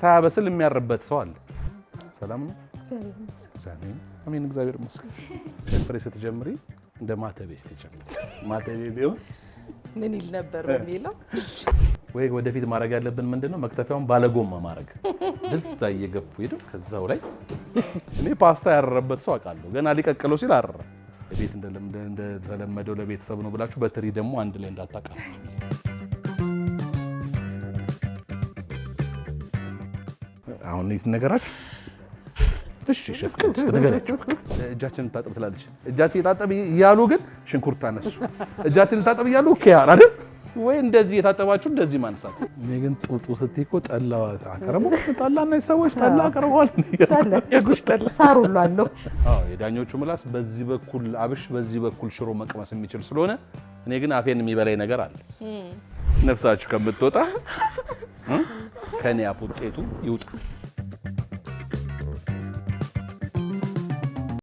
ሳያበስል የሚያርበት ሰው አለ። ሰላም ነው። አሜን። እግዚአብሔር ይመስገን። ፍሬ ስትጀምሪ እንደ ማተቤ ትጀምሪ። ማተቤ ቢሆን ምን ይል ነበር የሚለው ወይ ወደፊት ማድረግ ያለብን ምንድን ነው? መክተፊያውን ባለጎማ ማድረግ ብዛ እየገፉ ሄዱ። ከዛው ላይ እኔ ፓስታ ያረረበት ሰው አውቃለሁ። ገና ሊቀቅለው ሲል አረረ። ቤት እንደተለመደው ለቤተሰብ ነው ብላችሁ በትሪ ደግሞ አንድ ላይ እንዳታቃ አሁን ነገራችሁ እሺ ሸፍቅል ስትነግራችሁ እጃችንን ታጠብ ትላለች። እጃችን የታጠብ እያሉ ግን ሽንኩርት አነሱ። እጃችን ታጠብ እያሉ ኪያር አይደል ወይ እንደዚህ የታጠባችሁ እንደዚህ ማንሳት። እኔ ግን ጡጡ ስትይ እኮ ጠላ አቀረቡ ጠላ እና ሰዎች ጠላ አቀርበዋል። የጉሽ ጠላ ሳር ሁሉ አለው። አዎ የዳኞቹ ምላስ በዚህ በኩል አብሽ፣ በዚህ በኩል ሽሮ መቅመስ የሚችል ስለሆነ እኔ ግን አፌን የሚበላይ ነገር አለ። ነፍሳችሁ ከምትወጣ ከኔ አፍ ውጤቱ ይውጣ።